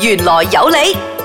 玄來有理。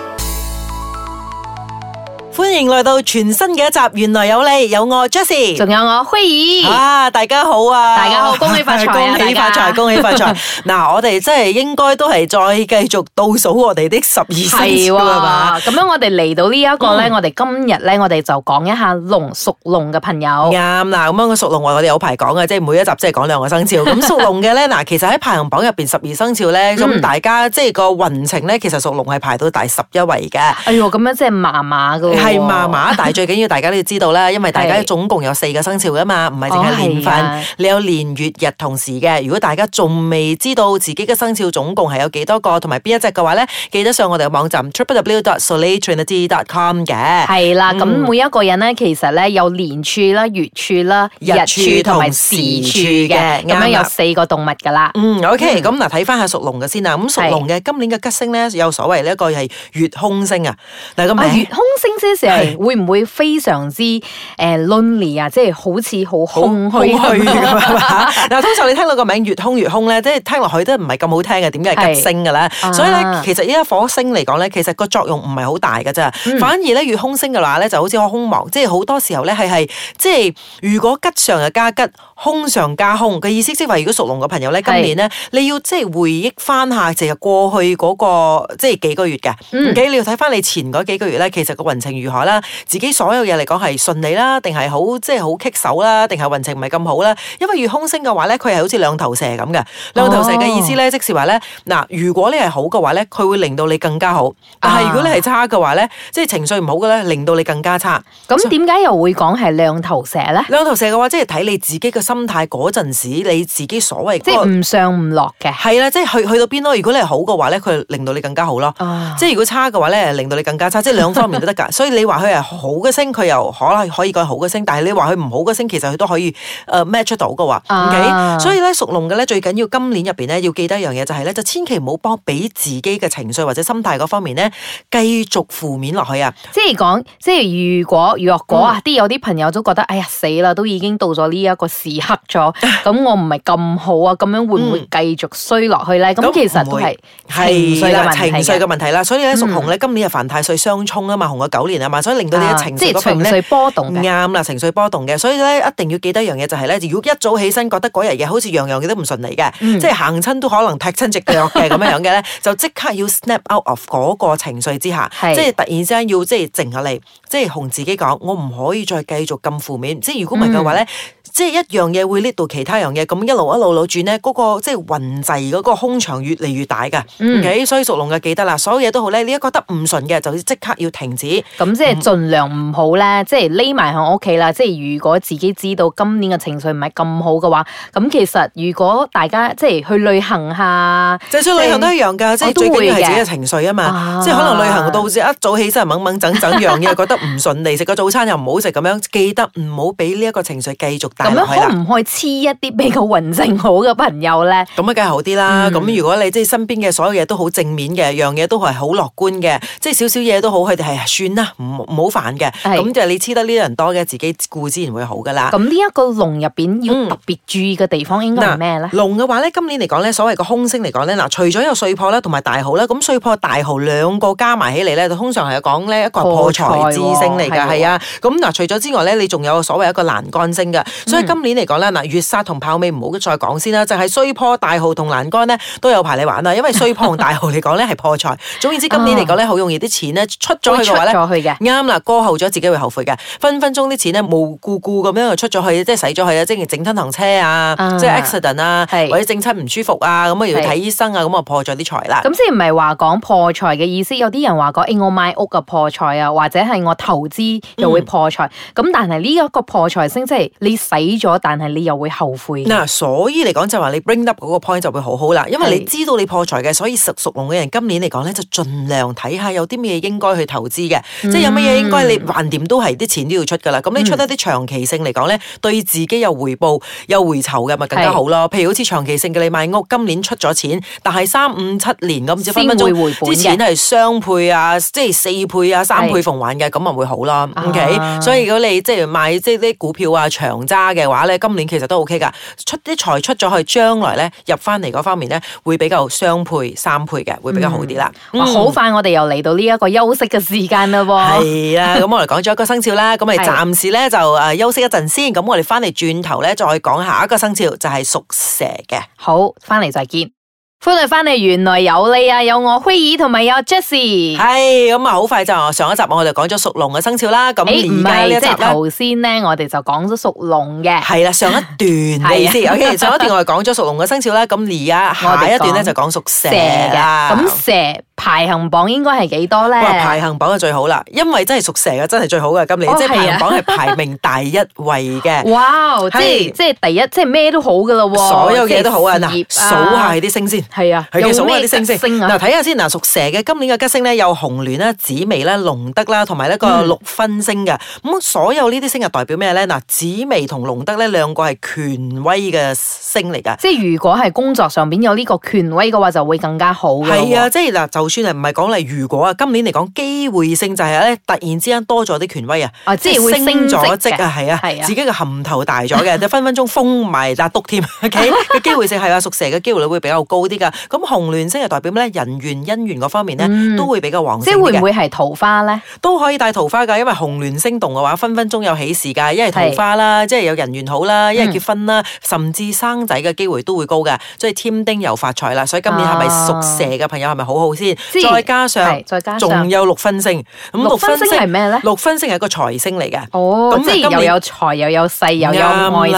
歡迎來到全新嘅一集，原來有你有我，Jesse，仲有我輝兒，啊，大家好啊，大家好，恭喜發財、啊、 恭喜發財，恭喜發財。嗱、 啊，我哋即係應該都係再繼續倒數我哋的十二生肖啦，咁、啊、樣我哋嚟到呢一個咧，我哋今日咧，我哋就講一下龍屬龍嘅朋友。啱、嗯、啦，咁樣個屬龍我哋有排講嘅，即係每一集即係講兩個生肖。咁屬龍嘅咧，嗱，其實喺排行榜入邊十二生肖咧，咁、嗯、大家即係個運程咧，其實屬龍係排到第十一位嘅。哎呦，咁樣即係麻麻㗎。嗯係麻麻哋，但係最緊要大家都要知道啦，因為大家總共有四個生肖噶嘛，唔係淨係年份、哦啊。你有年、月、日同時嘅。如果大家仲未知道自己嘅生肖總共係有幾多個，同埋邊一隻嘅話咧，記得上我哋嘅網站 www.solationz.com 嘅。係啦，咁、啊嗯、每一個人咧，其實咧有年柱啦、月柱啦、日柱同埋時柱嘅，咁、啊、樣有四個動物噶啦。嗯，OK，咁、嗯、嗱，睇翻下屬龍嘅先啦。咁屬龍嘅今年嘅吉星咧，有所謂呢一個係月空星啊。但嗱，咁、啊、月空星有會唔會非常之誒、uh, lonely 啊，即、就、係、是、好似好空虛咁嗱， 通常你聽到個名字越空越空咧，即係聽落去都唔係咁好聽嘅，點解係吉星嘅咧？所以咧、啊，其實依家火星嚟講咧，其實個作用唔係好大嘅啫，嗯、反而咧越空星嘅話咧，就好似好空茫，即係好多時候咧係係即係如果吉上嘅加吉。空上加空嘅意思，即係話如果屬龍嘅朋友咧，今年咧你要即係回憶翻下、那個就是嗯，其實過去嗰個即係幾個月嘅，唔記得你要睇翻你前嗰幾個月咧，其實個運程如何啦，自己所有嘢嚟講係順利啦，定係好即係好棘手啦，定係運程唔係咁好啦。因為越空星嘅話咧，佢係好似兩頭蛇咁嘅，兩頭蛇嘅意思咧、就是，即是話咧，嗱，如果你係好嘅話咧，佢會令到你更加好；但係如果你係差嘅話咧，即、啊、係情緒唔好嘅咧，令到你更加差。咁點解又會講係兩頭蛇咧？兩頭蛇嘅話，即係睇你自己嘅心。心態嗰陣時，你自己所謂即係唔上唔落嘅，係啦，即係去去到邊咯。如果你係好嘅話咧，佢令到你更加好咯；啊、即係如果差嘅話咧，令到你更加差，即係兩方面都得噶。 所以你話佢係好嘅星，佢又可能可以改好嘅星，但係你話佢唔好嘅星，其實佢都可以誒、呃、match 到嘅話，啊、所以咧，屬龍嘅咧，最緊要今年入邊咧，要記得一樣嘢就係、是、咧，就千祈唔好幫俾自己嘅情緒或者心態嗰方面咧，繼續負面落去啊！即係講，即係如果若果啊，啲有啲朋友都覺得、哦、哎呀死啦，都已經到咗呢一個時。黑咗，咁我唔係咁好啊！咁樣會唔會繼續衰落去咧？咁、嗯、其實係情緒嘅問題啦是啦。情緒嘅問題啦、嗯。所以咧，屬紅咧，今年係犯太歲相沖啊嘛，嗯、紅咗九年啊嘛，所以令到啲情緒、啊、波動。唔啱啦，情緒波動嘅，所以咧一定要記得一樣嘢，就係、是、咧，如果一早起身覺得嗰日嘢好似樣樣嘢都唔順利嘅、嗯，即係行親都可能踢親隻腳嘅咁樣嘅咧，就即刻要 snap out of 嗰個情緒之下，是即係突然之間要即係靜下嚟，即係同自己講，我唔可以再繼續咁負面。即係如果唔係嘅話咧。嗯即係一樣嘢會 l 到其他樣樣嘢，咁一路一路攞轉咧，嗰、嗰個即係雲滯嗰個空場越嚟越大㗎。嗯、o、okay? k 所以屬龍嘅記得啦，所有嘢都好呢，你一覺得唔順嘅就即刻要停止。咁即係儘量唔好呢，即係匿埋喺屋企啦。即係如果自己知道今年嘅情緒唔係咁好嘅話，咁其實如果大家即係去旅行下，出去旅行都一樣㗎、嗯，即係最緊要係自己嘅情緒啊嘛。啊，即係可能旅行到時一早起身掹掹整整樣嘢，覺得唔順利，食個早餐又唔好食咁樣，記得唔好俾呢一個情緒繼續。咁樣可唔可以黐一啲比較運勢好嘅朋友咧？咁、嗯、啊，梗係好啲啦。咁、嗯、如果你即係身邊嘅所有嘢都好正面嘅，樣嘢都係好樂觀嘅，即係少少嘢都好，佢哋係算啦，唔唔好煩嘅。咁就你黐得呢啲人多嘅，自己顧之然會好噶啦。咁呢一個龍入邊要特別注意嘅地方應該係咩咧？龍、嗯、嘅話咧，今年嚟講咧，所謂嘅空星嚟講咧，嗱，除咗有碎破咧，同埋大耗咧，咁碎破大耗兩個加埋起嚟咧，通常係講咧一個破財之星嚟㗎，係啊、哦。咁嗱，除咗之外咧，你仲有所謂一個欄杆星㗎。嗯嗯、所以今年嚟講咧，嗱，月殺同豹尾唔好再講先啦，就係、是、衰破大號同欄杆咧都有排你玩啊！因為衰破和大號嚟講咧係破財。 總言之，今年嚟講咧好容易啲錢咧出咗去嘅話咧，啱啦，過後咗自己會後悔嘅。分分鐘啲錢咧無故故咁樣出咗去，即係使咗去啊！即係整親行車啊，啊即係 accident 啊，是或者整親唔舒服啊，咁啊要睇醫生啊，咁啊破咗啲財啦。咁先唔係話講破財嘅意思，有啲人話講，欸、我買屋嘅破財啊，或者係我投資又會破財。咁、嗯、但係呢一個破財先即係你使死咗，但係你又會後悔。嗱、nah，所以嚟講就話、是、你 bring up 嗰個 point 就會很好好啦，因為你知道你破財嘅，所以實屬龍嘅人今年嚟講咧就盡量睇下有啲咩應該去投資嘅，mm -hmm. 即係有乜嘢應該你，橫掂都係啲錢都要出噶啦。咁你出得啲長期性嚟講咧，mm -hmm. 對自己有回報、有回酬嘅咪更加好咯。譬如好似長期性嘅你買屋，今年出咗錢，但係三五七年咁，即係分分鐘回報，之前係雙倍啊，即係四倍啊，三倍奉還嘅，咁咪會好咯。OK，uh -huh. 所以如果你即係買即係啲股票啊，長揸。嘅話咧，今年其實都 OK 噶，出啲財出咗去，將來咧入翻嚟嗰方面咧，會比較雙倍、三倍嘅，會比較好啲啦。好、嗯嗯、快，我哋又嚟到呢一個休息嘅時間啦。喎，係啊，咁 我哋講咗一個生肖啦，咁咪暫時咧就啊休息一陣先。咁我哋翻嚟轉頭咧，再講下一個生肖，就係、是、屬蛇嘅。好，翻嚟再見。歡迎翻嚟，原來有你啊，有我輝爾同埋有 Jesse。係咁啊，好快就好，上一集我哋講咗屬龍嘅生肖啦。咁唔係呢集頭先咧，哎、我哋就講咗屬龍嘅。係啦，上一段你先。Okay, 上一段我哋講咗屬龍嘅生肖啦。咁而家下一段咧就講屬蛇嘅。咁蛇，蛇排行榜應該係幾多咧？排行榜係最好啦，因為真係屬蛇嘅真係最好嘅今年，即係排行榜係排名第一位嘅，哦。哇，即係即係第一，即係咩都好噶喎！所有嘢都好，就是，啊，嗱，數下啲星先。係啊，佢嘅屬咩星嗱，睇下、啊、先，嗱，屬蛇嘅今年嘅吉星咧，有紅鸞啦、紫微啦、龍德啦，同埋呢個六分星嘅。咁、嗯、所有呢啲星係代表咩咧？嗱，紫微同龍德呢兩個係權威嘅星嚟噶。即係如果係工作上邊有呢個權威嘅話，就會更加好。係啊，啊，即係嗱，就算係唔係講嚟，如果啊，今年嚟講機會性就係咧，突然之間多咗啲權威啊，即係升咗職啊，係啊，自己嘅含頭大咗嘅， 就分分鐘封埋，啦篤添。OK，嘅機會性係啊，屬蛇嘅機會率會比較高啲。咁紅鸞星係代表咧，人緣姻緣嗰方面咧都會比較旺，即係會唔會係桃花咧？都可以帶桃花噶因為紅鸞星動嘅話，分分鐘有喜事噶，一係桃花啦，即係有人緣好啦，一係結婚啦，甚至生仔嘅機會都會高噶，所以添丁又發財啦。所以今年係咪屬蛇嘅朋友係咪好好先？再加上，再加上，仲有六分星，咁六分星係咩咧？六分星係一個財星嚟嘅，哦，即係又有財又有勢又有愛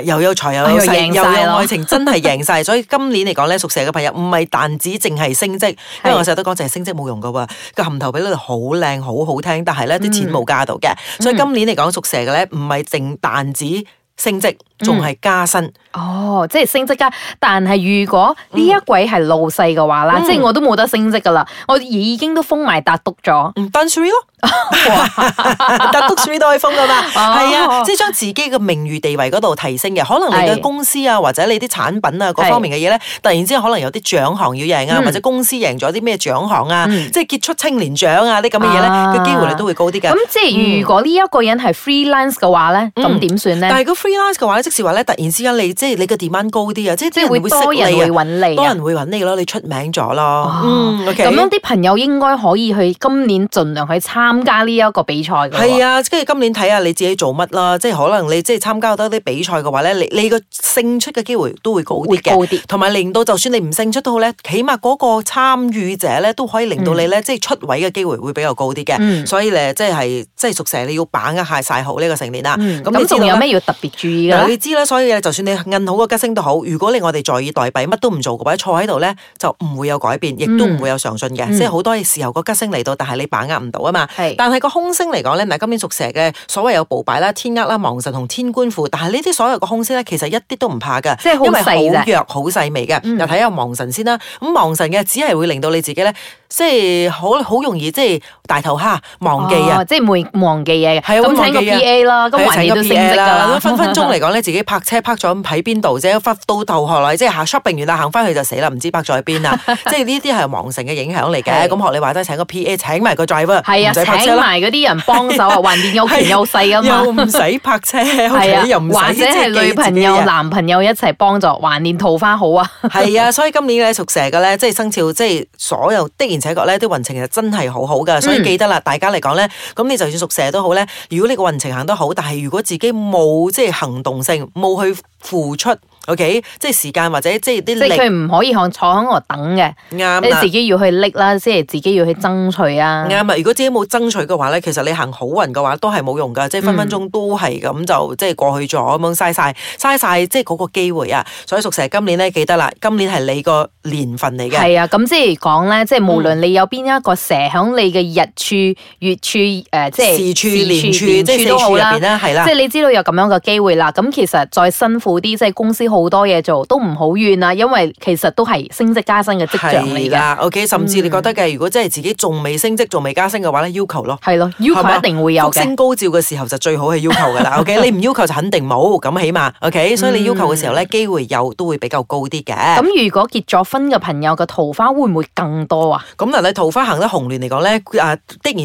情，又有財又有勢又有愛情，真係贏晒。所以今年嚟講咧屬蛇嘅朋友唔係單止淨係升職，因為我成日都講淨係升職冇用噶喎，個含頭俾呢度好靚好好聽，但係咧啲錢冇加到嘅、嗯，所以今年嚟講，屬蛇嘅咧唔係淨單止升職，仲係加薪、嗯。哦，即係升職啊！但係如果呢一位係老細嘅話啦，即、嗯、係、就是、我都冇得升職噶啦，我已經都封埋達督咗。嗯，單咯。 但讀書都可以封噶嘛？係、哦、啊，即係將自己嘅名譽地位嗰度提升嘅，可能你嘅公司啊，或者你啲產品啊，各方面嘅嘢咧，突然之間可能有啲獎項要贏啊，嗯、或者公司贏咗啲咩獎項啊，嗯、即係傑出青年獎啊啲咁嘅嘢咧，嘅、啊、機會率都會高啲嘅。咁即係如果呢一個人係 freelance 嘅話咧，咁點算咧？但係如果 freelance 嘅話咧，即時話咧，突然之間你即係你嘅 demand 高啲啊，即係即係會多人會揾你、啊，多人會揾你咯，你出名咗咯。咁、啊 okay、樣啲朋友應該可以去今年盡量去參。參加呢一個比賽㗎喎，係啊，跟住今年睇下你自己做乜啦，即係可能你即係參加多啲比賽嘅話咧，你你個勝出嘅機會都會高啲嘅，同埋令到就算你唔勝出都好咧，起碼嗰個參與者咧都可以令到你咧、嗯、即係出位嘅機會會比較高啲嘅、嗯，所以咧即係即係屬蛇你要把握下晒好呢個成年啦。咁、嗯、仲有咩要特別注意咧？你知啦，所以就算你摁好個吉星都好，如果你我哋坐以待斃，乜都唔做嘅話，坐喺度咧就唔會有改變，亦都唔會有上進嘅、嗯，即係好多嘅時候個吉星嚟到，但係你把握唔到啊嘛。嗯。但係個空星嚟講咧，唔係今年屬蛇嘅所謂有暴敗啦、天厄啦、亡神同天官符，但係呢啲所有個空星咧，其實一啲都唔怕嘅，即係因為好弱、好細微嘅、嗯。又睇下亡神先啦，咁亡神嘅只係會令到你自己咧。即係好好容易，即係大頭蝦忘記啊，即係會忘記嘢。係啊，請個 P A 啦，咁橫掂啦，分分鐘嚟講咧，自己泊車泊咗喺邊度啫，到頭嚟，即係行 shopping 完啦，行翻去就死啦，唔知泊咗喺邊啊。即係呢啲係忘性嘅影響嚟嘅。咁學你話齋，請個 P A，請埋個 driver，係啊，請埋嗰啲人幫手啊，橫掂有權有勢噶嘛。又唔使泊車，係啊，或者係女朋友男朋友一齊幫助，橫掂桃花好啊。係啊，所以今年咧屬蛇嘅咧，即係生肖，即係所有的然。而且覺得呢啲運程其實真係好好㗎。所以記得啦，嗯、大家嚟講呢，咁你就算屬蛇都好呢。如果你個運程行得好，但係如果自己冇即係行動性，冇去付出。Okay? 即係時間或者即係啲力，即係佢唔可以坐坐響度等嘅，你自己要去拎啦，即係自己要去爭取啊。啱啊，如果自己冇爭取嘅話咧，其實你行好運嘅話都係冇用噶，即係分分鐘都係咁、嗯、就即係過去咗，咁樣嘥晒嘥晒即係嗰個機會啊。所以屬蛇今年咧，記得啦，今年係你個年份嚟嘅。係啊，咁即係講咧，即係無論你有邊一個蛇響你嘅日柱、月柱，誒、呃，即係時柱、年柱，即係四柱入邊啦，係啦，即係你知道有咁樣嘅機會啦。咁其實再辛苦啲，即係公司好。多好多嘢做都唔好怨啦，因為其實都係升職加薪嘅跡象嚟噶。O、OK, K，甚至你覺得嘅，如果真係自己仲未升職，仲未加薪嘅話咧，要求咯，係咯，要求一定會有嘅。福星高照嘅時候就最好係要求噶啦。 o、OK? K，你唔要求就肯定冇，咁起碼 O K，所以你要求嘅時候咧，機、嗯、會有都會比較高啲嘅。咁如果結咗婚嘅朋友嘅桃花會唔會更多啊？咁嗱，你桃花行得紅鸞嚟講咧，的而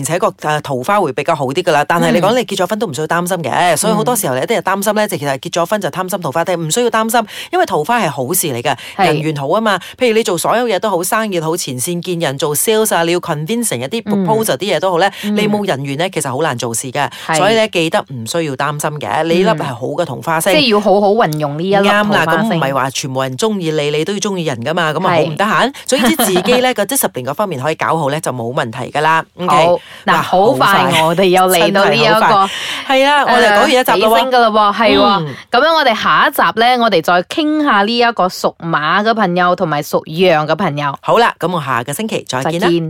且確桃花會比較好啲噶啦。但係你講你結咗婚都唔需要擔心嘅、嗯，所以好多時候你有啲人擔心咧，就其實結咗婚就貪心桃花，但唔需要擔心。因為桃花係好事嚟噶，人緣好啊嘛。譬如你做所有嘢都好，生意都好，前線見人做 sales 啊，你要 convince 成一啲 proposal 啲嘢都好咧，你冇人緣咧，其實好難做事噶。所以咧，記得唔需要擔心嘅，你粒係好嘅桃花星。即係要好好運用呢一粒桃花星。啱啦，咁唔係話全部人中意你，你都要中意人噶嘛，咁啊好唔得閒。總之自己咧，嗰啲十年嗰方面可以搞好咧，就冇問題噶啦。O K，嗱，好快我哋又嚟到呢一個，係啊，我哋講完一集都升噶啦噃，係喎。咁樣我哋下一集咧，我哋。再傾下呢一個屬馬嘅朋友，同埋屬羊嘅朋友。好啦，咁我下個星期再見啦。再見。